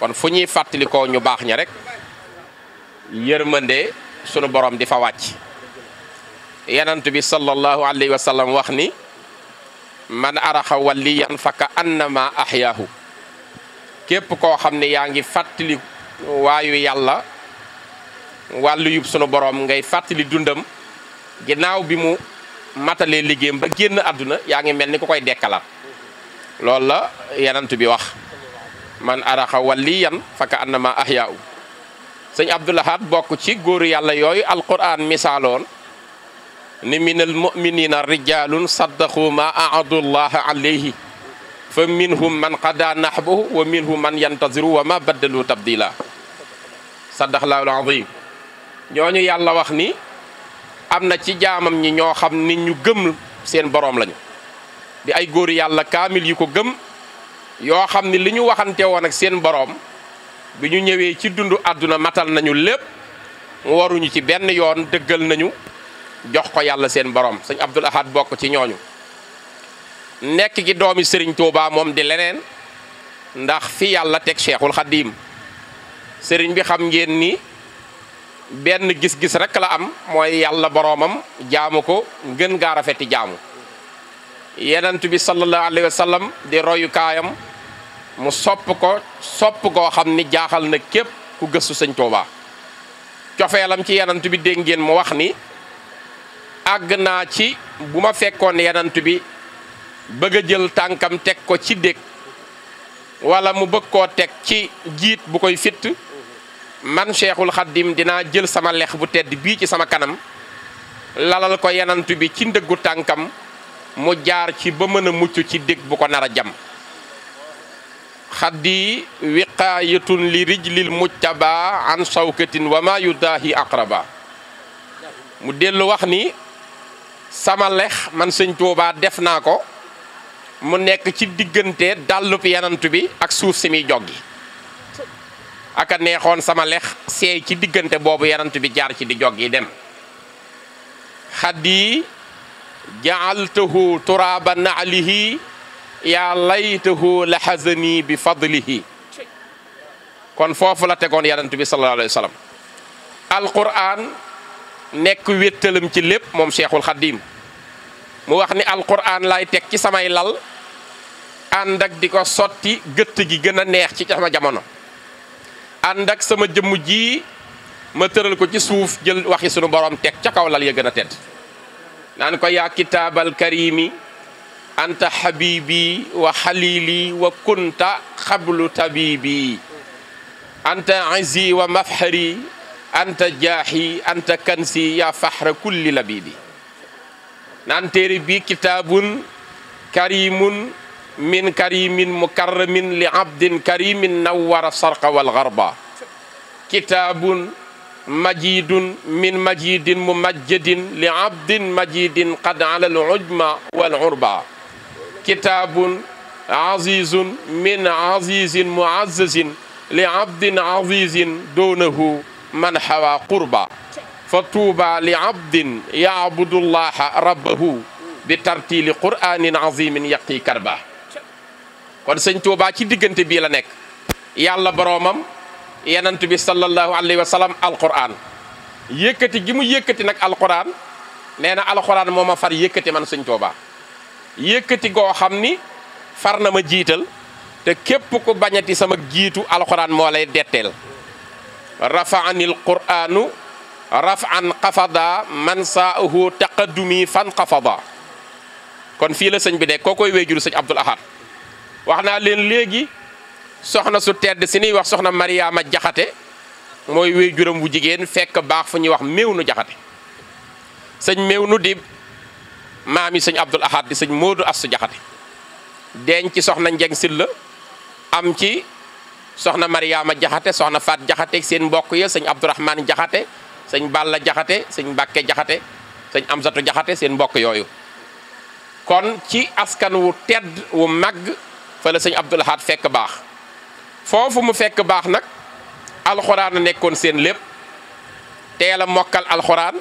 kon fu ñuy fàttalikoo ñu baax ña rek yërmande sunu borom di fa wàcc yenant bi sallallahu alayhi wa wax ni man araxa waliyan faka annama ahyaahu képp koo xam ne yaa ngi fàttali waayu yàlla wàllu sunu borom ngay fàttali dundam ginnaaw bi mu matalee liggéeyam ba génn àdduna yaa ngi mel ni ku koy dekkalaat loolu la yenant bi wax man araxa waliyan faka annama ahyaa'u sëñ abdoulahaat bokk ci góor yàlla yooyu alquran misaaloon ni minal muminina rijalun saddaqu ma aadullaha alayhi fa minhum man qada nahbahu wa minhum man yantaziru wa ma baddalu tabdila saddaxlaahul azim ñooñu yàlla wax ni am na ci jaamam ñi ñoo xam ni ñu gëm seen boroom lañu di ay góor yàlla kaamil yu ko gëm yoo xam ni li ñu waxante woon ak seen boroom bi ñu ñëwee ci dundu àdduna matal nañu lépp waruñu ci benn yoon dëggal nañu jox ko yàlla seen boroom sëñ Abdul Ahad bokk ci ñooñu nekk gi doomi sëriñ Touba moom di leneen ndax fi yàlla teg Cheikhul Khadim sëriñ bi xam ngeen ni benn gis-gis rek la am mooy yàlla boroomam jaamu ko ngën gaa rafeti jaamu yenent bi sallallahu alayhi wa di royu mu sopp ko sopp koo xam ni jaaxal na képp ku gëstu sañ Tuubaa cofeelam ci yenant bi dégg ngeen mu wax ni àgg naa ci bu ma fekkoon yenant bi bëgg a jël tànkam teg ko ci dég wala mu bëgg koo teg ci jiit bu koy fitt man Cheikhul Khadim dinaa jël sama lex bu tedd bii ci sama kanam lalal ko yenantu bi ci ndëggu tànkam mu jaar ci ba mën a mucc ci dég bu ko nar a jam xaddi wiqaayatun li rijlil ba an sawkatin wa ma yudaahi aqraba mu dellu wax ni sama lex man sëñ Tuubaa def naa ko mu nekk ci diggante dàllub yanantu bi ak suuf si muy joggi aka neexoon sama lex seey ci diggante boobu yanantu bi jaar ci di joggi dem xaddi jaaltahu turaaba naalihi yaa laytahu la xasani bi fadlihi kon foofu la tegoon yonent bi sallallahu alayhi wa sallam alquran nekk wéttalam ci lépp moom cheikhul xadim mu wax ni alquran lay teg ci samay lal ànd ak di ko sotti gëtt gi gën a neex ci sama jamono ànd ak sama jëmm ji ma tëral ko ci suuf jël waxi sunu borom teg ca kaw lal ya gën a tedd naan ko yaa kitaabal karimi anta habibi wa halili wa kunta xablu tabibi anta izi wa mafhari anta jaahi anta kansi ya fahra kulli labibi naan téere bi kitaabun karimun min karimin mukarramin li abdin karimin nawwara sarqa wal garba kitaabun majidun min majidin mumajjadin li abdin majidin qad ala al ujma wal urba kitaabun azizun min azizin muazzazin li abdin azizin doonahu man hawa qurba fa tuuba li abdin yaabudullaha rabbahu bi tartili qur'anin azimin yaqi karba kon sëñ Tuuba ci diggante bii la nekk yàlla boroomam yenant bi sallallahu alayhi wa sallam alquran yëkkati gi mu yëkkati nag alquran nee na alquran moo ma far yëkkati man sëñ Tuuba yëkkati goo xam ni far na ma jiital te képp ku bañati sama jiitu alxuraan moo lay detteel rafaanil quraanu rafan xafada man saahu taqaddumi fan xafada kon fii la sëñ bi de koo koy wéejuru sëñ Abdul Ahad wax naa leen léegi soxna su tedd si niy wax soxna Mariama Jaxate mooy wéejuram bu jigéen fekk baax fu ñuy wax méew nu Jaxate sëñ méew nu di maam yi sëñ Abdul Ahad di sëñ Moodu Astu Jaxate denc ci soxna Njeng Silla am ci soxna Mariama Jaxate soxna Faat Jaxate seen mbokk ya sëñ Abdourahman Jaxate sëñ Balla Jaxate sëñ Mbàkke Jaxate sëñ Amsatu Jaxate seen mbokk yooyu kon ci askan wu tedd wu màgg fa la sëñ Abdul Ahad fekk baax foofu mu fekk baax nag alxuraan a nekkoon seen lépp teel a mokkal alxuraan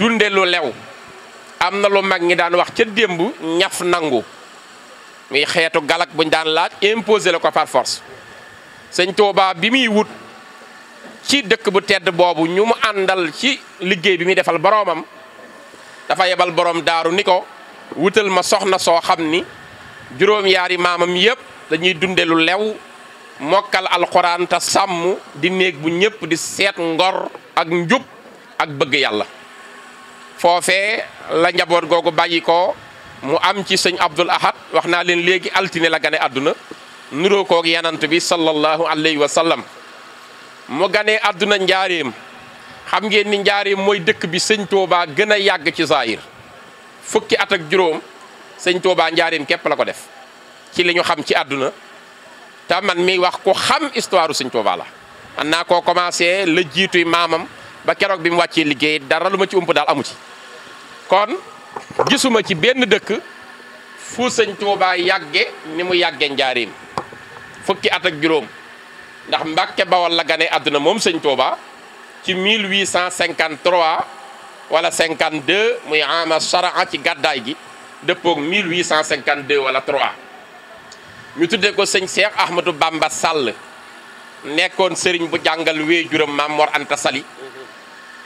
dundelu lew am na lu mag ñi daan wax ca démb ñaf nangu muy xeetu galak buñ daan laaj imposé la ko par force sëñ Tuubaa bi muy wut ci dëkk bu tedd boobu ñu mu àndal ci liggéey bi muy defal boroomam dafa yebal boroom daaru ni ko wutal ma soxna soo xam ni juróom-yaari maamam yépp dañuy dunde lu lew mokkal alxuraan te sàmm di néeg bu ñépp di seet ngor ak njub ak bëgg yàlla foofee la njaboot googu bàyyi ko mu am ci sëñ Abdul Ahad wax naa leen léegi altine la gane àdduna nuroo koog yanant bi sallallahu alayhi wa sallam mu gane àdduna njaareem xam ngeen ni njaareem mooy dëkk bi sëñ Touba gën a yàgg ci Zahir fukki at ak juróom sëñ Touba njaareem képp la ko def ci li xam ci àdduna te man mi wax ko xam histoire sëñ Touba la. man naa koo commencé la jiituy maamam. ba keroog bi mu wàccee liggéey dara lu ma ci ump daal amu ci kon gisuma ci benn dëkk fu sëñ Tuubaa yàgge ni mu yàgge njaareem fukki at ak juróom ndax Mbàkke Bawol la gane àdduna moom sëñ Tuubaa ci 1853 wala 52 muy ama saraa ci gàddaay gi dëppoog 1852 wala 3 ñu tuddee ko sëñ Cheikh Ahmadou Bamba Sall nekkoon sëriñ bu jàngal wéejuram Maam Mor Anta Sali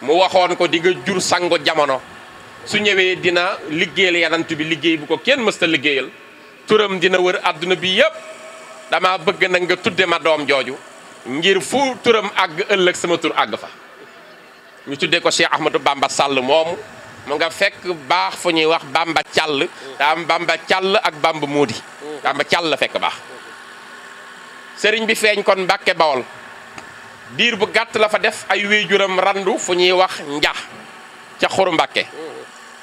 mu waxoon ko di nga jur sango jamono su ñëwee dina liggéeyal yanant bi liggéey bu ko kenn mësta liggéeyal turam dina wër àdduna bi yépp dama bëgg nag nga tudde ma doom jooju ngir fu turam àgg ëllëg sama tur àgg fa ñu tuddee ko Cheikh Ahmadou Bamba sàll moomu mu nga fekk baax fu ñuy wax Bamba Call daa am Bamba ak Bamba Moodi Bamba Call la fekk baax sëriñ bi feeñ kon Mbàkke Bawol diir bu gàtt la fa def ay wéejuram randu fu ñuy wax njax ca xuru mbàkke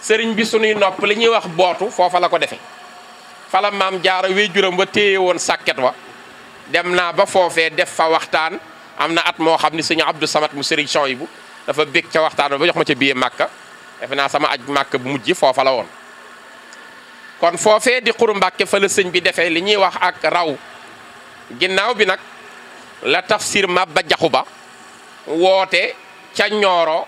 sëriñ bi sunuy nopp li ñuy wax bootu foofa la ko defe fala maam jaara wéejuram wa téye woon sàkket wa dem naa ba foofee def fa waxtaan am na at moo xam ni sëñ Abdou Samad mu sëriñ Soyibu dafa bég ca waxtaan ba jox ma ca biir màkka defe naa sama aj màkk bu mujj foofa la woon kon foofe di xuru mbàkke fa la sëñ bi defee li ñuy wax ak raw ginnaaw bi nag la tafsir Maba Jaxu Ba woote ca Ñooro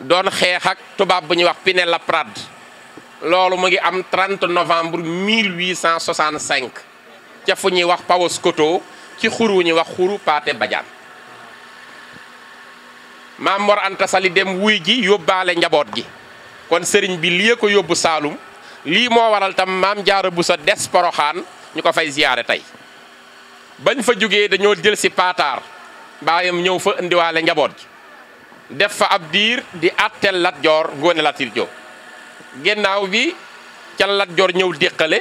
doon xeex ak tubaab bu ñuy wax Pinet-Laprade loolu mu ngi am 30 novembre 1865 ca fu ñuy wax Paoskoto ci xuru wu wax xuru Paate Badiane Maam Mor Anta dem wuy ji yóbbaale njaboot gi kon sëriñ bi lii ko yóbbu Saalum lii moo waral tam maam jaara bu sa des poroxaan ñu ko fay ziyaare tey bañ fa jógee dañoo jël si paataar baayam ñëw fa indiwaale njaboot gi def fa ab diir di attel Lat Joor Ngoone Latiir Jóob gennaaw bi ca Lat Joor ñëw déqale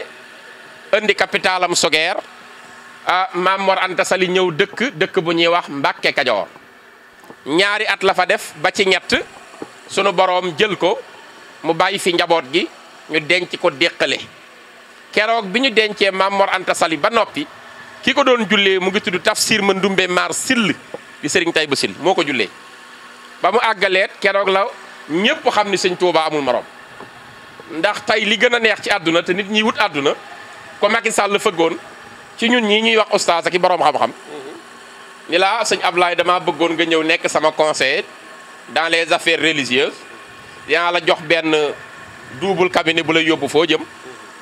indi capitalam Sogeer a ah, Maam Mor Anta ñëw dëkk dëkk bu ñuy wax Mbàkke Kajoor ñaari at la fa def ba ci ñett sunu boroom jël ko mu bàyyi fi njaboot gi ñu denc ko déqale keroog bi ñu dencee Maam Mor Anta ba noppi ki ko doon jullee mu ngi tudd tafsir ma ndumbe maar sill di sëriñ tay ba sill moo ko jullee ba mu àggaleet keroog la ñépp xam ni sëñ Tuubaa amul morom ndax tey li gën a neex ci àdduna te nit ñi wut àdduna ko Macky Sall fëggoon ci ñun ñi ñuy wax oustaz ak i borom xam-xam ni laa sëñ Ablaye dama bëggoon nga ñëw nekk sama conseil dans les affaires religieuses dinaa la jox benn double cabinet bu la yóbbu foo jëm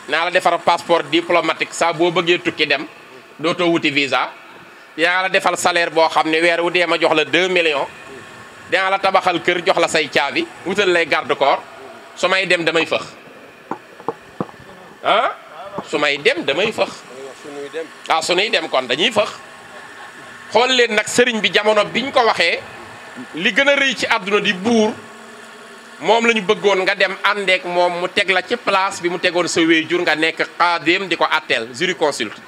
naa la defar passeport diplomatique saa boo bëggee tukki dem dootoo wuti visa dinaa la defal salaire boo xam ne weer wu dee ma jox la 2 million dana la tabaxal kër jox la say caabi wutal lay garde corps su may dem damay fëx ah su may dem damay fëx ah su dem kon dañuy fëx xool leen nag sëriñ bi jamono biñ ko waxee li gën a rëy ci àdduna di buur moom la ñu bëggoon nga dem àndeek moom mu teg la ci place bi mu tegoon sa wéy jur nga nekk xaadim di ko atteel jurisconsulte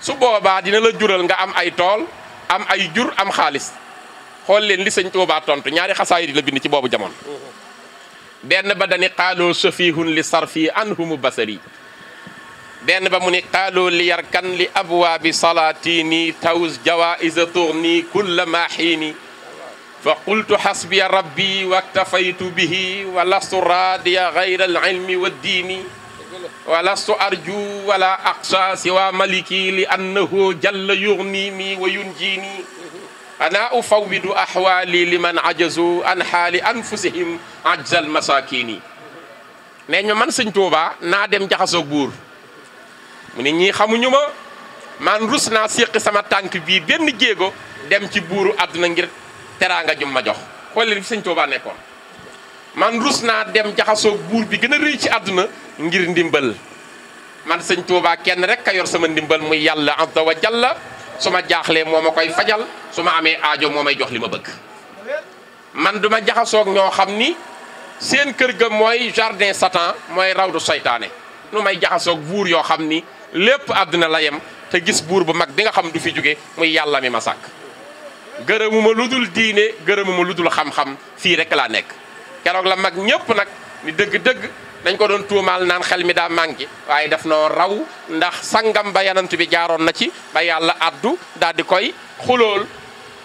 su boobaa dina la jural nga am ay tool am ay jur am xaalis xool leen li sëñ Tuubaa tontu ñaari xasaayid la bind ci boobu jamono benn ba dani xaaloo safihun li sarfi anhumu basari benn ba muni ni xaaloo li yarkan li abwaabi salaatini taws jawaisa tourni kulla maaxiini fa qultu xasbiya rabbi waktafaytu bihi wa lastu raadiya al ilmi wa walastu arju wala aqsa siwa maliki li annahu jalla yugnini wa yunjini ana ufawidu ahwali liman ajazu an haali anfusihim ajzal masakini ne ñu man sëñ naa dem jaxasoo buur mu ne ñii xamuñu ma man rus naa séqi sama tànk bii benn jéego dem ci buuru àdduna ngir teraanga jum ma jox xool leen nekkoon man rus naa dem jaxasoog buur bi gën a rëy ci àdduna ngir ndimbal man sëñ Tuubaa kenn rek ka yor sama ndimbal muy yàlla azza wa jalla su ma jaaxlee moo ma koy fajal su ma amee aajo moo may jox li ma bëgg man duma jaxasoog ñoo xam ni seen kër ga mooy jardin satan mooy rawdu seytaane nu may jaxasoog buur yoo xam ni lépp àdduna la yem te gis buur bu mag bi nga xam du fi jóge muy yàlla mi ma sàkk gërëmuma lu dul diine gërëmuma lu dul xam-xam fii rek laa nekk keroog la mag ñëpp nag ni dëgg-dëgg dañ ko doon tuumaal naan xel mi daa manqué waaye daf noo raw ndax sangam ba yanant bi jaaroon na ci ba yàlla addu daal di koy xulool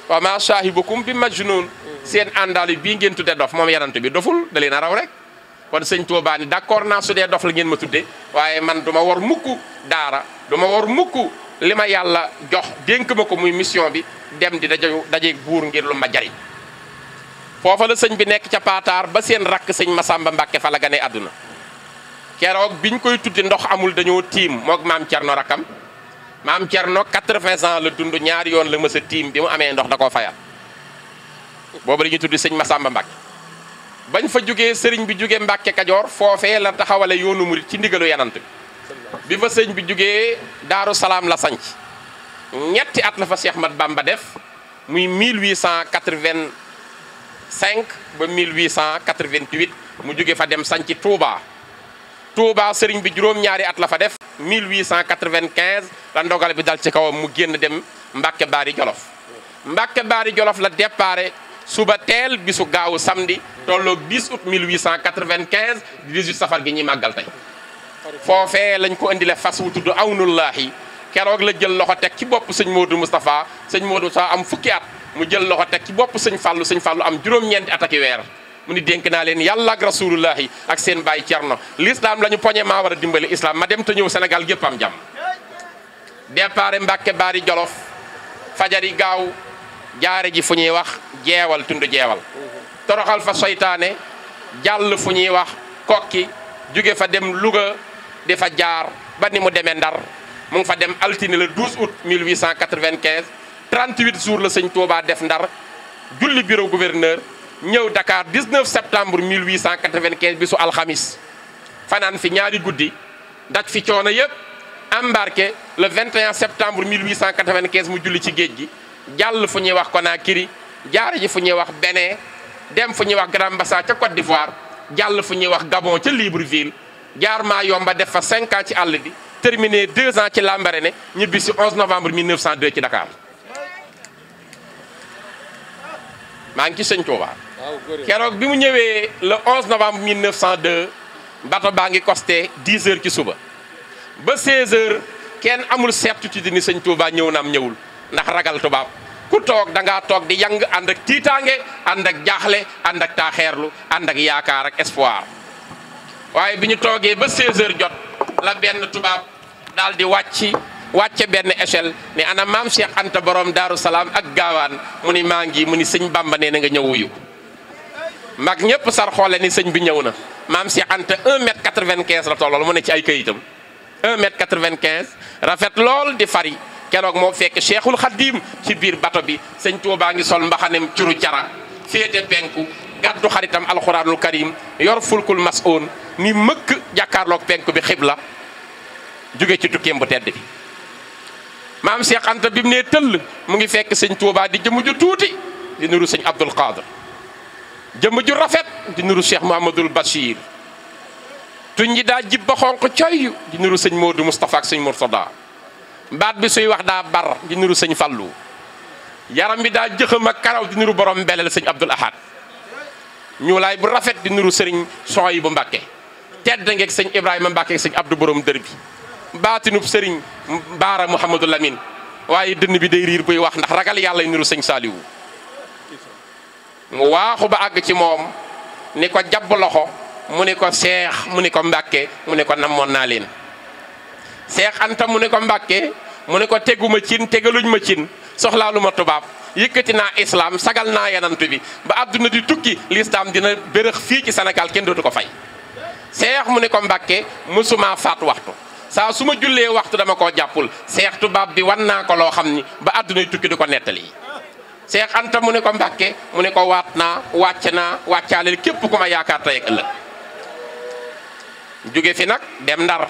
wa ma saahibukum bi majnun seen àndaal bii ngeen tudde dof moom yanant bi doful da leen a raw rek kon sëñ Tuubaa ni d'accord naa su dee dof la ngeen ma tudde waaye man du ma war mukk daara du ma war mukk li ma yàlla jox dénk ma ko muy mission bi dem di daje dajeeg buur ngir lu ma foofa la sëñ bi nekk ca paataar ba seen rakk sëñ Masamba Mbàkke fa la gane àdduna keroog ñu koy tuddi ndox amul dañoo tiim moog maam Cerno rakkam maam Cerno 80 ans la dund ñaari yoon la mës a tiim bi mu amee ndox da koo fayal boobu la ñuy tuddi sëñ Masamba Mbàkke bañ fa jógee sëriñ bi jógee mbakke Kajoor foofee la taxawale yoonu murit ci ndigalu yanant bi bi fa sëñ bi jógee Daaru Salaam la sanc ñetti at la fa Cheikh Mat Bamba def muy 1880 cinq ba mille 1888 mu jóge fa dem sanc Touba Touba sëriñ bi juróom-ñaari at la fa def mille 1895 la ndogal bi dal ci kawam mu génn dem Mbàkke Baari Jolof Mbàkke Baari Jolof la déparé suba teel bisu gaawu samedi tolloog 10 août 1895 18 safar gi ñuy màggal tey foofee lañ ko indile fas wu tudd Awnullaahi keroog la jël loxo teg ci bopp sëñ Modou Moustapha sëñ Modou Moustapha am fukki at mu jël loxo teg ci bopp sëñ fàllu sëñ fàllu am juróom-ñeenti ataki mu ni dénk naa leen yàlla ak rasulullahi ak seen bàyyi cerno l'islam la ñu poñe maa war a dimbali islam ma dem te ñëw Sénégal gépp am jàmm départ baar Baari Jolof fajari gaaw jaare ji fu ñuy wax jeewal tund jeewal toroxal fa soytaane jàll fu ñuy wax kokki jóge fa dem Louga de fa jaar ba ni mu demee Ndar mu ngi fa dem altine le 12 août 1895 38 jours la sëñ Touba def ndar julli bureau gouverneur ñëw Dakar 19 septembre bi su alxamis fanaan fi ñaari guddi daj fi coono yëpp embarqué le 21 septembre 1895 mu julli ci géej gi jàll fu ñuy wax Conakry jaar ji fu ñuy wax Benin dem fu ñuy wax Grand-Bassa ca Côte d'Ivoire jàll fu ñuy wax Gabon ca Libreville jaar maa yomba def fa 5 ans ci àll bi terminé 2 ans ci Lambaréné ne si 11 novembre 1902 ci Dakar. maa ngi ci sëñ Touba keroog bi mu ñëwee le 11 novembre 1902 bato baa ngi costé 10 heures ci suba ba 16 heures kenn amul certitude ni sëñ Touba ñëw naam ñëwul ndax ragal tubaab ku toog da ngaa toog di yang ànd ak tiitaange ànd ak jaaxle ànd ak taaxeerlu ànd ak yaakaar ak espoir waaye bi ñu toogee ba 16 heures jot la benn tubaab daal di wàcc wàcce benn échelle ne ana maam Cheikh Anta borom Daaru Salaam ak gaawaan mu ni maa ngi mu ni sëñ Bamba na nga ñëw wuyu mag ñëpp sar xoole ni sëñ bi ñëw na maam Cheikh Anta 1 mètre 95 la tollool mu ne ci ay këyitam 1 mètre rafet lool di fari keroog moo fekk Cheikhul Khadim ci biir bato bi sëñ Tuubaa ngi sol mbaxanem curu cara féete penku gàddu xaritam alxuraanul karim yor fulkul masoon ni mëkk jàkkaarloog penku bi xibla jóge ci tukkeem bu tedd maam Cheikh Anta bi mu nee tëll mu ngi fekk sëñ Touba di jëmm ju tuuti di nuru sëñ Abdul Qadir jëmm ju rafet di nuru Cheikh Mouhamadul Bachir tuñ ji daa jib ba xonq coy di nuru sëñ Modou Moustapha ak sëñ Mourtada baat bi suy wax daa bar di nuru sëñ Fallou yaram bi daa jëxam ak karaw di nuru borom mbeleel sëñ Abdul Ahad ñuulaay bu rafet di nuru sëriñ Sohaybou Mbacké tedd ngeeg sëñ Ibrahima Mbacké ak sëñ Abdou borom dër bi baatinub sëriñ baara Mouhamadou Lamine waaye dënn bi day riir buy wax ndax ragal yàlla niru sëñ saaliwu mu waaxu ba àgg ci moom ni ko jàpp loxo mu ni ko seex mu ni ko mbàkke mu ni ko namoon naa leen seex anta mu ni ko mbàkke mu ni ko teguma cin tegaluñ ma cin soxlaalu ma tubaab yëkkati naa islaam sagal naa yanantu bi ba àdduna di tukki lislaam dina bërëx fii ci senegal kenn dootu ko fay seex mu ni ko mbàkke mësumaa faat waxtu saa su ma jullee waxtu dama koo jàppul seex tubaab bi wan naa ko loo xam ni ba àddunay tukki di ko nettali seex anta mu ne ko mbàkke mu ne ko waat naa wàcc naa wàccaaleel képp ku ma yaakaar tey ak ëllëg jóge fi nag dem ndar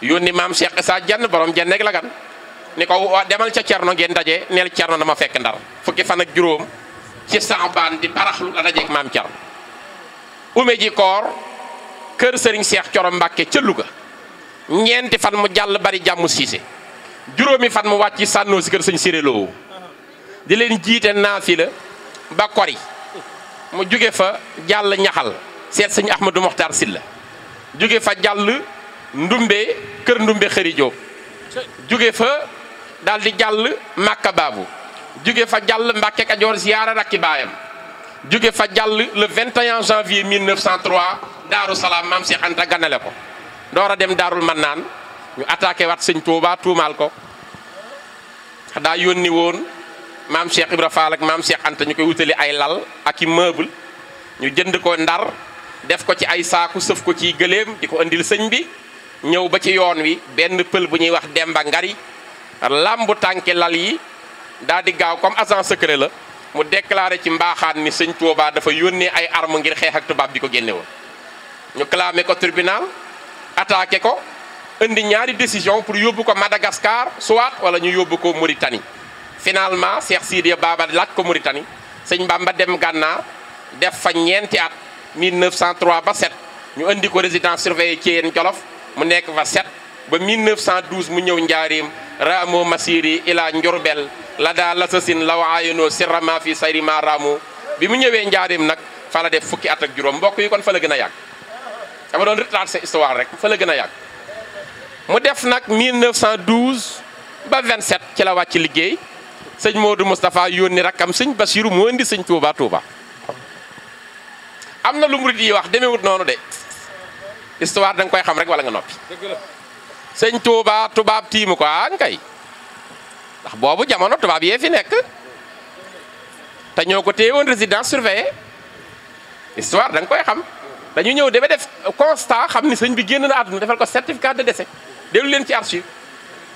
yónni maam seex isaa jenn borom jenn ak lagan ni ko demal ca cerno ngeen daje neel na ma fekk ndar fukki fan ak juróom ci saxbaan di baraxlu la dajeek maam cerno ume ji koor kër sëriñ seex coro mbàkke ca Louga ñeenti fan mu jàll bari jàmm siise juróomi fan mu wàcc sànnoo si kër sëñ séréloo di leen jiite naafila ba kori mu jóge fa jàll ñaxal seet sëñ Ahmadou Mokhtar la jóge fa jàll ndumbe kër ndumbe xëri Jóob jóge fa daal di jàll Màkka Baabu jóge fa jàll Mbàkke Kajoor ziyaara rakki baayam jóge fa jàll le 21 janvier 1903 Daaru Salaam maam Cheikh Anta ganale ko door dem daarul man naan ñu attaqué waat sëñ Touba tuumaal ko daa yónni woon maam Cheikh Ibra Fall ak maam Cheikh Anta ñu koy wutali ay lal ak i meuble ñu jënd ko ndar def ko ci ay saaku sëf ko ci gëléem di ko indil sëñ bi ñëw ba ci yoon wi benn pël bu ñuy wax Demba Ngari làmbu tànke lal yi daal di gaaw comme agent secret la mu déclaré ci mbaaxaan ni sëñ Touba dafa yónnee ay arme ngir xeex ak tubaab bi ko génnewoon ñu clamé ko tribunal attaqué ko indi ñaari décision pour yóbbu ko Madagascar soit wala ñu yóbbu ko Mauritanie finalement Cheikh Sidiya Baba laaj ko Mauritanie sëñ Bamba dem gànnaar def fa ñeenti at 1903 ba 7 ñu indi ko résidence ci Thiéyène Jolof mu nekk fa 7 ba 1912 mu ñëw njaarim ramo masiri ila njurbel la daa lasasin law aayonoo sirrama fi sayrima ramo bi mu ñëwee njaarim nag fa la def fukki at ak juróom mbokk yi kon fa la gën a yàgg dama doon retracer histoire rek fa la gën a yàgg mu def nag 1912 ba 27 ci la wàcc liggéey sëñ Modou Moustapha yónni rakkam sëñ Basiru mu indi sëñ Touba Touba. am na lu murid yi wax demewut noonu de histoire danga koy xam rek walla nga noppi. sëñ Touba tubaab tiimu ko ah kay ndax boobu jamono tubaab yee fi nekk te ñoo ko téye woon résidence surveillée histoire da koy xam. dañu ñëw dafa def constat xam ni sëñ bi génn na àdduna defal ko certificat de décès dellu leen ci archive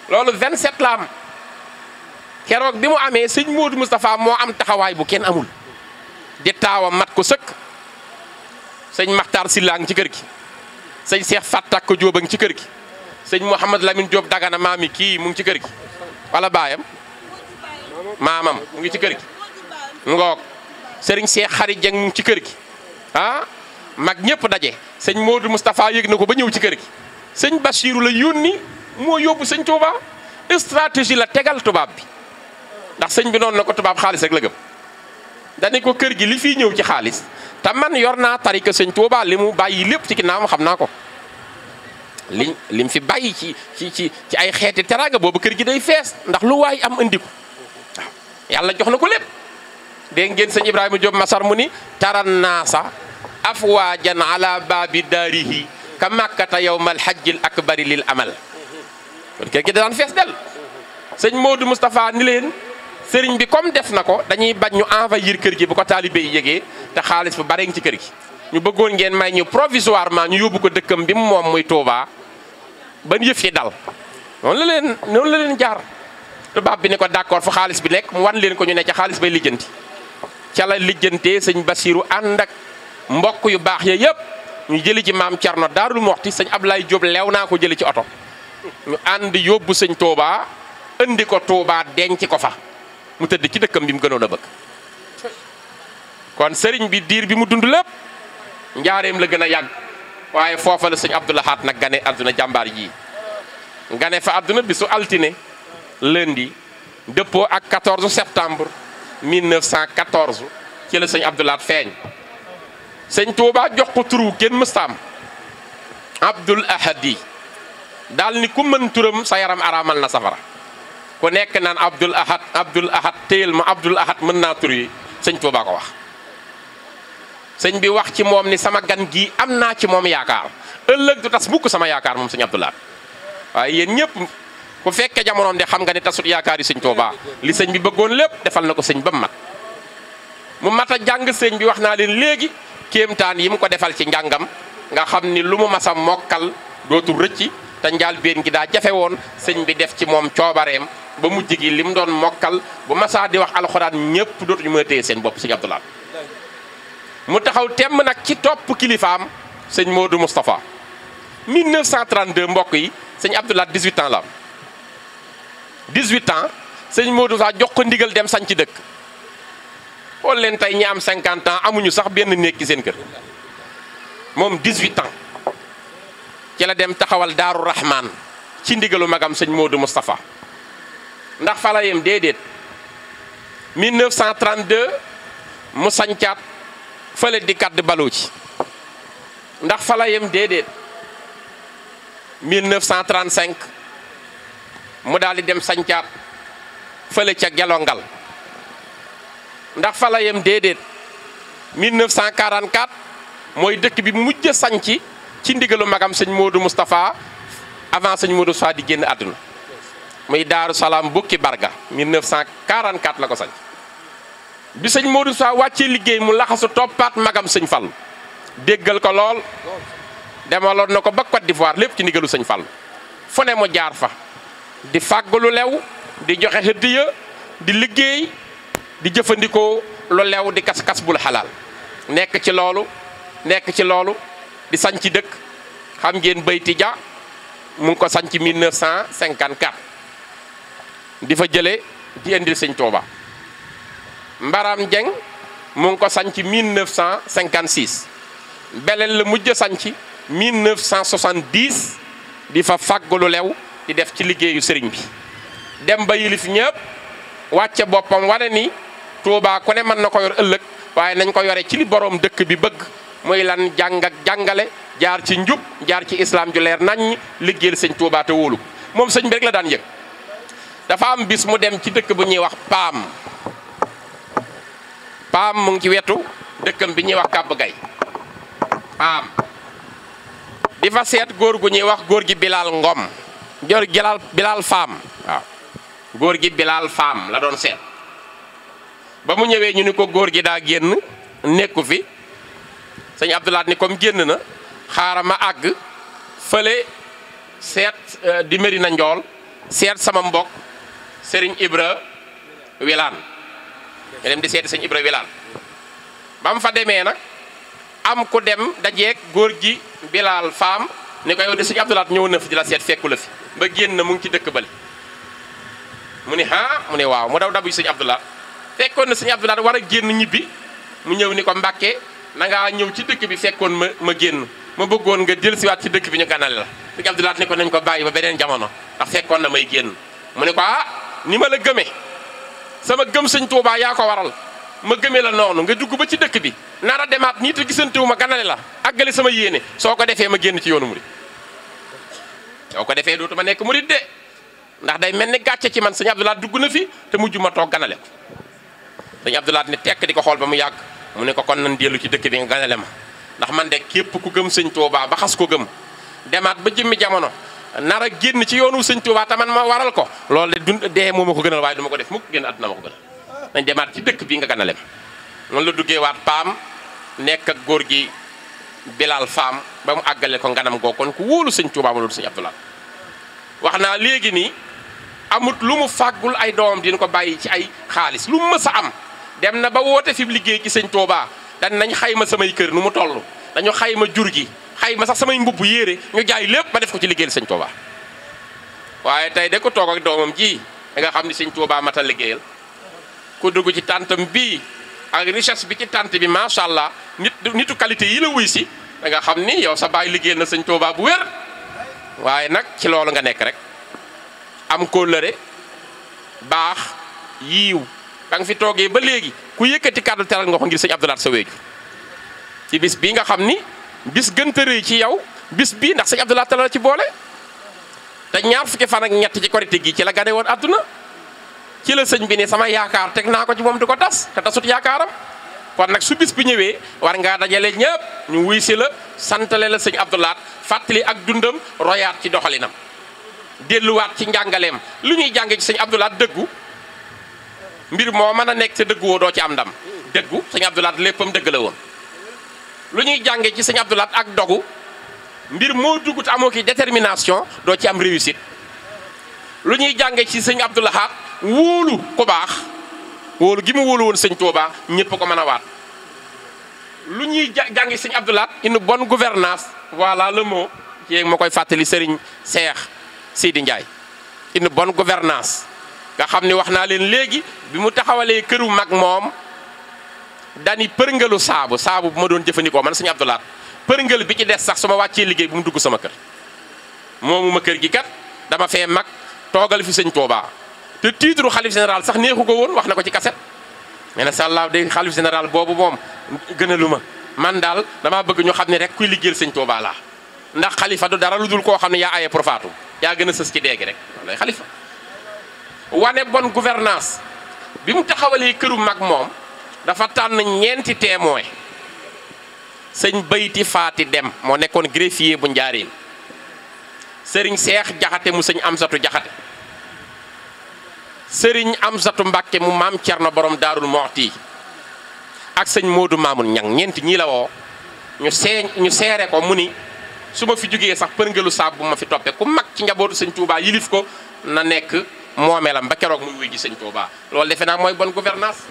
loolu 27 la am keroog bi mu amee sëñ Modou Moustapha moo am taxawaay bu kenn amul di taawa mat ko sëkk sëñ Makhtar Silla ngi ci kër gi sëñ Cheikh Fatak ko Diop a ngi ci kër gi sëñ Mouhamad Lamine Diop dagana maami kii mu ngi ci kër gi wala baayam maamam mu ngi ci kër gi ngoog sëriñ Cheikh Xarit Dieng mu ci kër gi ah? mag ñëpp daje sëñ moodu Moustapha yëg na ko ba ñëw ci kër gi sëñ Bachiru la yónni moo yóbbu sëñ Touba stratégie la tegal tubaab bi ndax sëñ bi noonu na ko tubaab xaalis rek la gëm dani ko kër gi li fiy ñëw ci xaalis te man yor naa tarika sëñ Touba li mu bàyyi lépp ci ginnaawam xam naa ko li li fi bàyyi ci ci ci ci ay xeeti teraanga boobu kër gi day fees ndax lu waay am indi yàlla jox na ko lépp dégg ngeen sëñ Ibrahima Diop Masar mu ni taran naa sa afwaajan ala baabi daarihi ka màkkata yowmal hajjil akbari lil amal kon kër gi daan fees del sëñ Modou Moustapha ni leen sëriñ bi comme def na ko dañuy bañ ñu envahir kër gi bu ko taalibe yi yegee te xaalis bu bare ci kër gi ñu bëggoon ngeen may ñu provisoirement ñu yóbbu ko dëkkam bi mu moom muy Touba ba yëf yi dal noonu la leen noonu la leen bi ne ko d'accord fu xaalis bi nekk mu wan leen ko ñu ne ca xaalis bay lijjanti ca la lijjantee sëñ Basiru ànd mbokk yu baax ya yëpp ñu jëli ci maam Thierno Darou Mokhti sëñ Ablaye jóob leew naa ko jëli ci oto ñu ànd yóbbu sëñ Touba indi ko Touba denc ko fa mu tëdd ci dëkkam bi mu gënoon a bëgg. kon sëriñ bi diir bi mu dund lépp njaareem la gën a yàgg waaye foofa la sëñ Abdoul Ahad nag gane àdduna jàmbaar ji gane fa àdduna su altine lundi dëppoo ak 14 septembre 1914 ci la sëñ Abdoul feeñ. sëñ Tuubaa jox ko tur turu kenn mëstaam Abdul Ahad yi daal ni ku mën turam sa yaram araamal na safara ku nekk naan Abdul Ahad Abdul Ahad téyel ma Abdul Ahad mën naa tur yi sëñ Tuubaa ko wax sëñ bi wax ci moom ni sama gan gi am naa ci moom yaakaar ëllëg du tas mukk sama yaakaar moom sëñ Abdul Ahad waaye yéen ñëpp ku fekke jamonoom de xam nga ne tasut yaakaar yi sëñ Tuubaa li sëñ bi bëggoon lépp defal na ko sëñ ba mu mat mu mat jàng sëñ bi wax naa leen léegi kéemtaan yi mu ko defal ci njàngam nga xam ni lu mu masa mokkal dootul rëcc te njaal béen gi daa jafe woon sëñ bi def ci moom coobareem ba mujj gi li mu doon mokkal bu masaa di wax alxuraan ñëpp dootuñu mën a téye seen bopp sëñ Abdoulaye mu taxaw temm nag ci topp kilifaam sëñ Modou Moustapha 1932 mbokk yi sëñ Abdoulaye 18 ans la am 18 ans sëñ Modou Moustapha jox ko ndigal dem sañ ci dëkk xool leen tey ñi am 50 ans amuñu sax benn néeg ci seen kër moom 18 ans ci la dem taxawal Daaru Rahman ci ndigalu magam sëñ Modou Moustapha ndax fa la yem déedéet 1932 mu sañcaat fële di kàdd baloo ci ndax fa la yem déedéet 1935 mu daal di dem sañcaat fële ca gelongal ndax fa la yem déedéet 1944 mooy dëkk bi mujj sañci ci ndigalu magam sëñ Modou Moustapha avant sëñ Modou Moustapha di génn àdduna muy Daaru Salaam bukki Barga 1944 la ko sañ bi sëñ Modou Moustapha wàccee liggéey mu laxasu toppaat magam sëñ Fall déggal ko lool demaloon na ko ba Côte d'Ivoire lépp ci ndigalu sëñ fal fu ne mu jaar fa di fàggalu lew di joxe hëddiya di liggéey di jëfandikoo lu lew di kas-kas bul xalaal nekk ci loolu nekk ci loolu di sañ ci dëkk xam ngeen Bayti Dia mu ngi ko sañ ci 1954 di fa jëlee di indil sëñ Mbaram Dieng mu ngi ko sañ ci 1956 Belel la mujj a sañ ci 1970 di fa fàggalu lew di def ci liggéeyu sëriñ bi dem ba yilif ñëpp wàcce boppam wane ni. Touba ku ne mën na ko yor ëllëg waaye nañ ko yore ci li borom dëkk bi bëgg muy lan jàng jàngale jaar ci njub jaar ci islaam ju nañu nañ liggéeyal sëñ Touba te wóolu moom sëñ bi rek la daan yëg dafa am bis mu dem ci dëkk bu ñuy wax Paam Paam mu ngi ci wetu dëkkam bi ñuy wax Kàbb Gay Paam di fa seet góor gu ñuy wax góor gi bilaal ngoom góor gi Bilal Faam waaw góor gi Bilal Faam la doon seet. ba mu ñëwee ñu ni ko góor gi daa génn nekku fi sëñ Abdoulaat ni comme génn na xaaral ma àgg fële seet euh, di Medina Njool seet sama mbokk sëriñ Ibra Wilaan ñu dem di seeti sëñ Ibra Wilaan ba mu fa demee nag am ku dem dajeek góor gi Bilaal Faam ni ko yow de sëñ Abdoulaat ñëw na fi di la seet fekku la fi ba génn mu ngi ci dëkk bale mu ni ah mu ne waaw mu daw dabu sëñ Abdoulaat fekkoon na sëñ Abdoulaye war a génn ñibbi mu ñëw ni ko Mbàkke na ngaa ñëw ci dëkk bi fekkoon ma ma génn ma bëggoon nga jël siwaat ci dëkk bi ñu ganale la sëñ Abdoulaye ni nañ ko bàyyi beneen jamono ndax na may génn mu ne ko ah, ni ma la gëmee sama gëm sëñ Tuubaa yaa ko waral ma gëmee la noonu nga dugg ba ci dëkk bi nar a demaat nii te ma ganale la àggale sama yéene soo ko defee ma génn ci yoonu murid soo ko defee dootuma nekk murid de ndax day mel ni gàcce ci man sëñ Abdoulaye dugg na fi te mujj ma toog ganale ko dañu abdulaat ne tekk di ko xool ba mu yàgg mu ne ko kon nan dellu ci dëkk bi nga ganale ma ndax man de képp ku gëm sëñ Tuubaa ba xas ko gëm demaat ba jëmmi jamono nar a génn ci yoonu sëñ Tuubaa te man ma waral ko loolu de dee moo ma ko gënal waaye du ma ko def mukk génn àdduna ma ko gënal dañ demaat ci dëkk bi nga ganale ma noonu la duggee waat paam nekk ak góor gi Bilal Faam ba mu àggale ko nganam goo kon ku wóolu sëñ Tuubaa ma loolu sëñ Abdulaat wax naa léegi nii amut lu mu ay doomam dina ko bàyyi ci ay xaalis a dem na ba woote fi liggéey ci sëñ Touba dan nañ xayma samay kër nu mu toll dañu xayma jur gi xayma sax samay mbubb yére ñu jaay lépp ma def ko ci liggéeyal sëñ tooba waaye tey de ku toog ak doomam ji da nga xam ni sëñ Touba matal liggéeyal ku dugg ci tàntam bi ak richesse bi ci tànt bi macha allah nit nitu qualité yi la wuy si da nga xam ni yow sa baay liggéeyal na sëñ Touba bu wér waaye nag ci loolu nga nekk rek am kóllëre baax yiiw ba nga fi toogee ba léegi ku yëkkati kàddu teral nga ko ngir sëñ Abdou Lahad sa wéeju ci bis bii nga xam ni bis gën a ci yow bis bi ndax sëñ Abdou Lahad teral ci boole te ñaar fukki fan ak ñett ci korite gi ci la gane woon àdduna ci la sëñ bi ne sama yaakaar teg naa ko ci moom di ko tas te tasut yaakaaram kon nag su bis bi ñëwee war ngaa dajale ñëpp ñu wuy si la santale la sëñ Abdou fàttali ak dundam royaat ci doxalinam delluwaat ci njàngaleem lu ñuy jàngee ci sëñ Abdou Lahad mbir moo mën a nekk te dëggu woo doo ci am ndam dëggu sëñ Abdoulaat léppam dëgg la woon lu ñuy jànge ci sëñ Abdoulaat ak dogu mbir moo dugg te amoo ki détermination doo ci am réussite lu ñuy jànge ci sëñ Abdoulahat wóolu ku baax wóolu gi mu wóolu woon sëñ Touba ñëpp ko mën a waat lu ñuy jànge sëñ Abdoulaat une bonne gouvernance voilà le mot yéeg ma koy fàttali sëriñ Seex Sidi Ndiaye une bon gouvernance nga xam ni wax naa leen léegi bi mu taxawalee këru mag moom dani përngalu saabu saabu bu ma doon jëfandikoo man suñu abdulaat përngal bi ci des sax su ma wàccee liggéey bu mu dugg sama kër moomuma kër gi kat dama fee mag toogal fi sëñ Touba te titre xalif général sax neexu ko woon wax na ko ci kaset mais na sàllaaw de xalif général boobu moom gënalu ma man daal damaa bëgg ñu xam ni rek kuy liggéey sëñ Touba laa ndax xalifa du dara lu dul koo xam ne yaa aye profaatu yaa gën a ci déegi rek wane bon gouvernance bi mu taxawalee këru mag moom dafa tànn ñeenti témoin sëñ bayti faati dem moo nekkoon greffier bu njaareem sëriñ seex jaxate mu sëñ satu jaxate sëriñ am satu mbàkke mu maam cerno borom daarul moxti ak sëñ moodu maamun ñang ñeenti ñii la woo ñu ñu seere ko mu ni su ma fi jógee sax përngelu saab bu ma fi toppe ku mag ci njabootu sëñ Tuubaa yilif ko na nekk moomeelam ba keroog muy wuy ji sëñ Tuubaa loolu defe naa mooy bonne gouvernance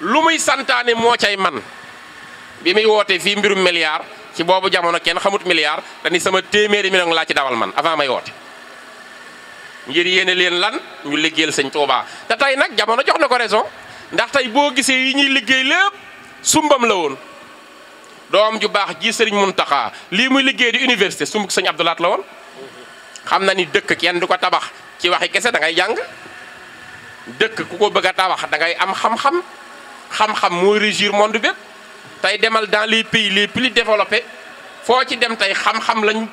lu muy santaane moo cay man bi muy wootee fii mbirum milliard ci boobu jamono kenn xamut milliard dañi sama téeméeri million laa ci dawal man avant may woote ngir leen lan ñu liggéeyal sañ Tuubaa te tay nag jamono jox na ko raison ndax tey boo gisee yi ñuy liggéey lépp sumbam la woon doom ju baax ji sëriñ Muntaxa lii muy liggéey di université sumbug sëñ Abdou Lahat la woon xam na ni dëkk kenn du ko tabax ci waxi kese da ngay jàng dëkk ku ko bëgg a tabax da ngay am xam-xam xam-xam mooy régir monde bépp tey demal dans les pays les plus développés foo ci dem tey xam-xam lañ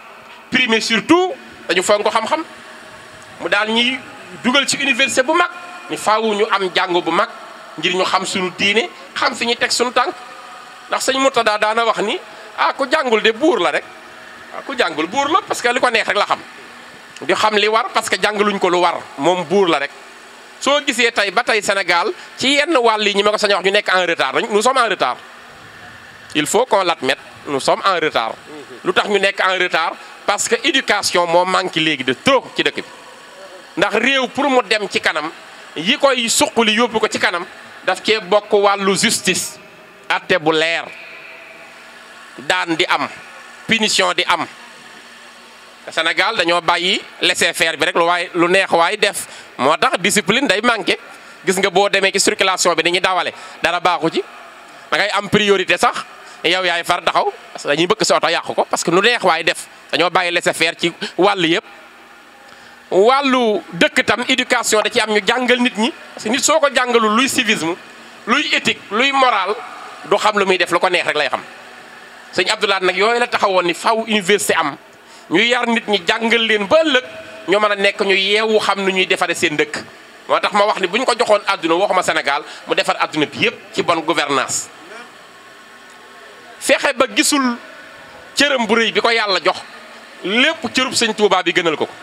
primé surtout dañu fonk ko xam-xam mu daal ñuy dugal ci université bu mag ñu faawu ñu am jàng bu mag ngir ñu xam suñu diine xam fi ñu teg suñu tànk ndax sëñ Murtada daana wax ni ah ku jàngul de buur la rek ah ku jàngul buur la parce que li ko neex rek la xam di xam li war parce que luñ ko lu war moom buur la rek soo gisee tey ba tey Sénégal ci yenn wàll yi ñi ma ko sañ ñu nekk en retard nous sommes en retard il faut qu'on l'admette nous sommes en retard lu tax ñu nekk en retard parce que éducation moo manqué léegi de trop ci dëkk bi ndax réew pour mu dem ci kanam yi koy suqali yóbbu ko ci kanam daf cee bokk wàllu justice atte bu leer daan di am punition di am Sénégal dañoo bàyyi laisser faire bi rek lu waay lu neex waay def moo tax discipline day manqué gis nga boo demee ci circulation bi dañuy dawale dara baaxu ci da ngay am priorité sax yow yaay far taxaw parce que dañuy bëgg sa yàqu ko parce que lu neex waay def dañoo bàyyi laisser faire ci wàll yëpp. wàllu dëkk tam éducation da ci am ñu jàngal nit ñi parce que nit soo ko jàngalul luy civisme luy éthique luy moral du xam lu muy def lu ko neex rek lay xam sëñ Abdoulaye nag yooyu la taxawoon ni faw université am. ñu yar nit ñi jàngal leen ba ëllëg ñu mën a nekk ñu yeewu xam nu ñuy defare seen dëkk moo tax ma wax ni bu ñu ko joxoon àdduna waxuma senegal mu defar àdduna bi yépp ci bon gouvernance fexe ba gisul cëram bu rëy bi ko yàlla jox lépp cërub sëñ Touba bi gënal ko ko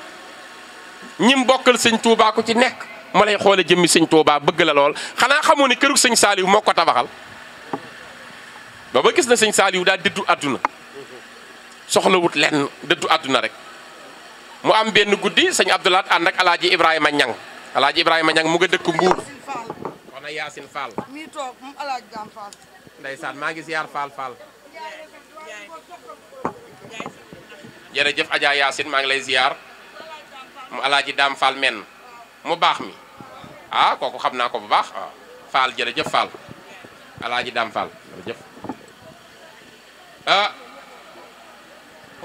ñim bokkal sëñ Touba ku ci nekk mu lay xoole jëmmi sëñ Touba bëgg la lool xanaa xamoo ni kërug sëñ Saaliw moo ko tabaxal ba ba gis na sëñ Saaliw daa dëddu àdduna wut lenn dëddu àdduna rek mu am benn guddi sëñ Abdoulaat ànd ak alaaji Ibrahima Ñang alaaji Ibrahima Ñang mu nga dëkk Mbuur wax na Yaasin Fall maa ngi ziar Fall jërëjëf Adja Yaasin maa ngi lay ziar mu alaaji Daam Fall men mu baax mi ah kooku xam naa ko bu baax waaw ah, Fall jërëjëf Fall alaaji Daam Fall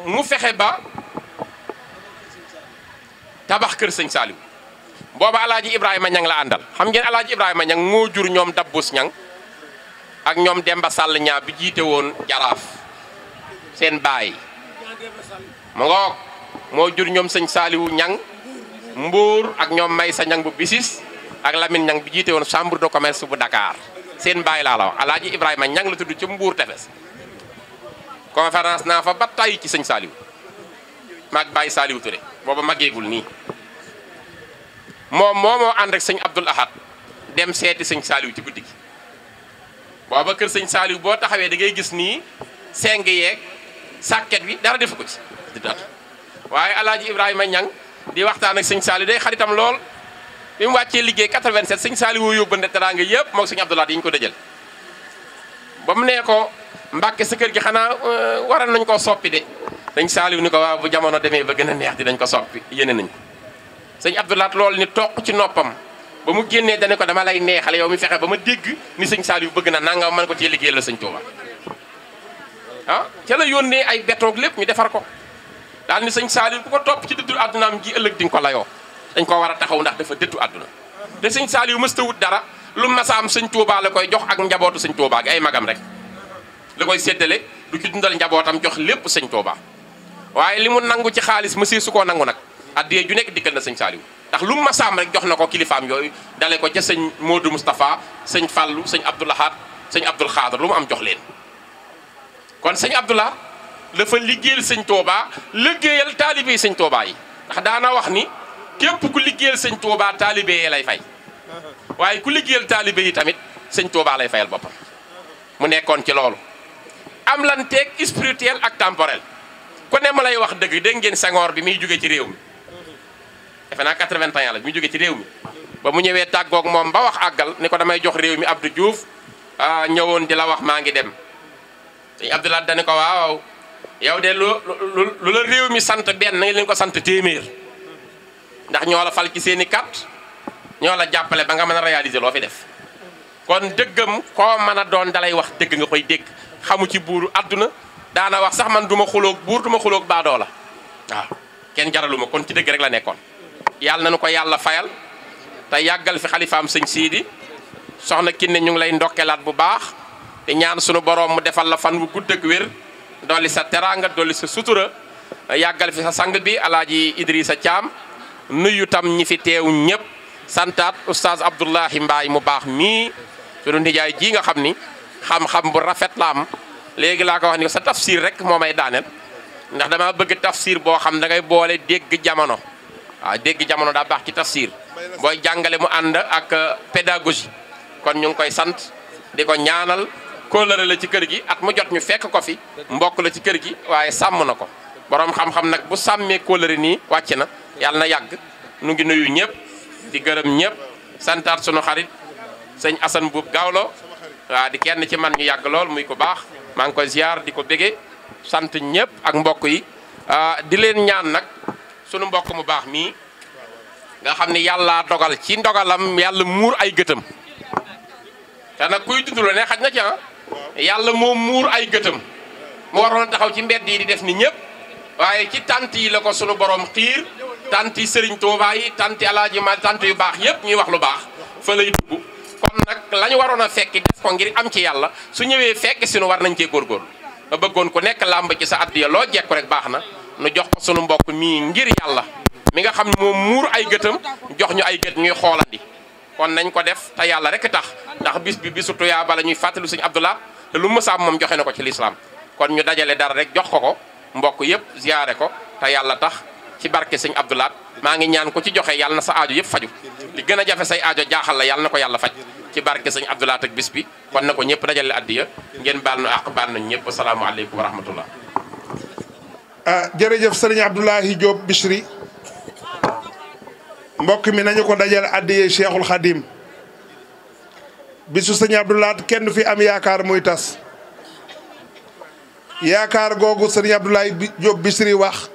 mu fexe ba tabax kër sëñ Saliou booba alaaji Ibrahima ñang la àndal xam ngeen alaaji Ibrahima ñang moo jur ñoom dabbus ñang ak ñoom Demba Sall ñaa bi jiite woon jaraaf seen baay mu ngoog moo jur ñoom sëñ Saliou ñang mbuur ak ñoom Maysa ñang bu bisis ak Lamine ñang bi jiite woon chambre de commerce bu dakaar seen baay laa la wax alaaji Ibrahima ñang la tudd ci mbuur tefes conférence naa fa ba tàyyi ci sëñ Saliou maak bàyyi Saliou Touré booba màggeegul nii moom moomoo moo ànd ak sëñ Abdoul Ahad dem seeti sëñ Saliou ci guddi gi booba kër sëñ Saliou boo taxawee da ngay gis nii seng yeeg sàkket bi dara defu ko ci di daat waaye alaaji Ibrahima Ñang di waxtaan ak sëñ Saliou day xaritam lool bi mu wàccee liggéey 87 sëñ Saliou woo yóbbante teraanga yëpp moog sëñ Abdoul Ahad yi ñu ko dëjal ba mu nee ko mbàkke sa kër gi xanaa euh, waral nañ koo soppi de dañ saaliw ni ko waaw bu jamono demee ba gën a neex di dañ ko soppi yéene nañ ko sëñ abdoulaat loolu ni toq ci noppam ba mu génnee dana ko dama lay neexale yow mi fexe ba ma dégg ni sëñ saaliw bëgg na nanga man ko ci liggéeyal la sëñ Tuuba ah ca la yónnee ay betoog lépp ñu defar ko daal ni sëñ saaliw ku ko topp ci dëddu addunaam ji ëllëg di ko layoo dañ ko war a taxaw ndax dafa dëddu àdduna te sëñ saaliw mësta dara lu masaam sëñ Tuuba la koy jox ak njabootu sëñ Tuuba gi ay magam rek la koy séddale du ci dundal njabootam jox lépp sëñ Touba waaye li mu nangu ci xaalis monsieur su ko nangu nag addiyee ju nekk dikkal na sëñ Saliou ndax lu mu ma saam rek jox na ko kilifaam yooyu dale ko ca sëñ Modou Moustapha sëñ Fallou sëñ Abdou Lahad sëñ Abdoul Khadr lu mu am jox leen kon sëñ Abdoulah dafa liggéeyal sëñ Touba liggéeyal taalibe yi sëñ Touba yi ndax daana wax ni képp ku liggéeyal sëñ Touba taalibe lay fay waaye ku liggéeyal taalibe yi tamit sëñ Touba lay fayal boppam mu nekkoon ci loolu am lan teeg ak temporel ku ne ma lay wax dëgg dégg ngeen Senghor bi muy jóge ci réew mi defe naa 81 la bi muy jóge ci réew mi ba mu ñëwee tàggook moom ba wax àggal ni ko damay jox réew mi Abdou Diouf ñëwoon di la wax maa ngi dem sëñ Abdoulaye dani ko waaw yow de lu lu la réew mi sant benn na nga leen ko sant téeméer ndax ñoo la fal ci seen i carte ñoo la jàppale ba nga mën a réaliser loo fi def kon dëggam koo mën a doon dalay wax dëgg nga koy dégg xamu ci buur àdduna daana wax sax man du ma xuloog buur du ma xuloog baadoo la waaw kenn jaraluma kon ci dëgg rek la nekkoon yàlla na nu ko yàlla fayal te yàggal fi xalifaam sëñ siidi soxna kinne ñu ngi lay ndokkelaat bu baax te ñaan sunu boroom mu defal la fan wu gudd ak wér dolli sa teraanga dolli sa sutura yàggal fi sa sang bi alaaji Idrissa caam nuyu tam ñi fi teewu ñëpp santaat oustaz Abdoulahi mbaay mu baax mii sunu nijaay ji nga xam ni xam-xam bu rafet la léegi laa ko wax ni sa tafsir rek moo may daaneel ndax dama bëgg tafsir boo xam da ngay boole dégg jamono waaw dégg jamono daa baax ci tafsir booy jàngale mu ànd ak euh, pédagogie kon ñu ngi koy sant di ko ñaanal kóllëre la ci kër gi at mu jot ñu fekk ko fi mbokk la ci kër gi waaye sàmm na ko borom xam-xam nag bu sàmmee kóllëre nii wàcc na yàlla na yàgg nu ngi nuyu ñëpp di gërëm ñëpp santaat sunu xarit sëñ Assane Boub Gawlo waaw di kenn ci man ñu yàgg lool muy ko baax maa ngi koy ziar di ko bége sant ñëpp ak mbokk yi ah, di leen ñaan nag sunu mbokk mu baax mii nga xam ne yàlla dogal ci ndogalam yàlla muur ay gëtam te nag kuy dund la ne xaj na ci ah yàlla moom muur ay gëtam mu waroon a taxaw ci mbedd yi di def ni ñëpp waaye ci tant yi la ko sunu borom xiir tant yi Serigne Touba yi tant yi Alaaji Ma tant yu baax yëpp ñuy wax lu baax fa lay dugg. kon nag la ñu waroon a fekki def ko ngir am ci yàlla su ñëwee fekk si nu war nañ cee góor ma bëggoon ku nekk làmb ci sa addiya loo jekku rek baax na nu jox ko sunu mbokk mii ngir yàlla mi nga xam ne moom muur ay gëtam jox ñu ay gët ñuy xoolandi kon nañ ko def te yàlla rek tax ndax bis bi bisu tuyaa bala ñuy fàttali suñu abdullah te lu mësaam moom joxe na ko ci lislaam kon ñu dajale dara rek jox ko ko mbokk yëpp ziyaare ko te yàlla tax ci barke sëñ Abdoulaat maa ngi ñaan ko ci joxe yàlla na sa yëpp faju li gën a jafe say aajo jaaxal la yàlla na ko yàlla faj ci barke sëñ Abdoulaat ak bis bi kon na ko ñëpp dajale addiya ngeen baal nu àq baal nañ ñëpp asalaamaaleykum wa rahmatullah ah jërëjëf sëriñ Abdoulahi Diop Bichri mbokk mi nañu ko dajale addiya Cheikhul Khadim bisu sëñ Abdoulaat kenn fi am yaakaar muy tas yaakaar googu sëriñ Abdoulahi Diop Bichri wax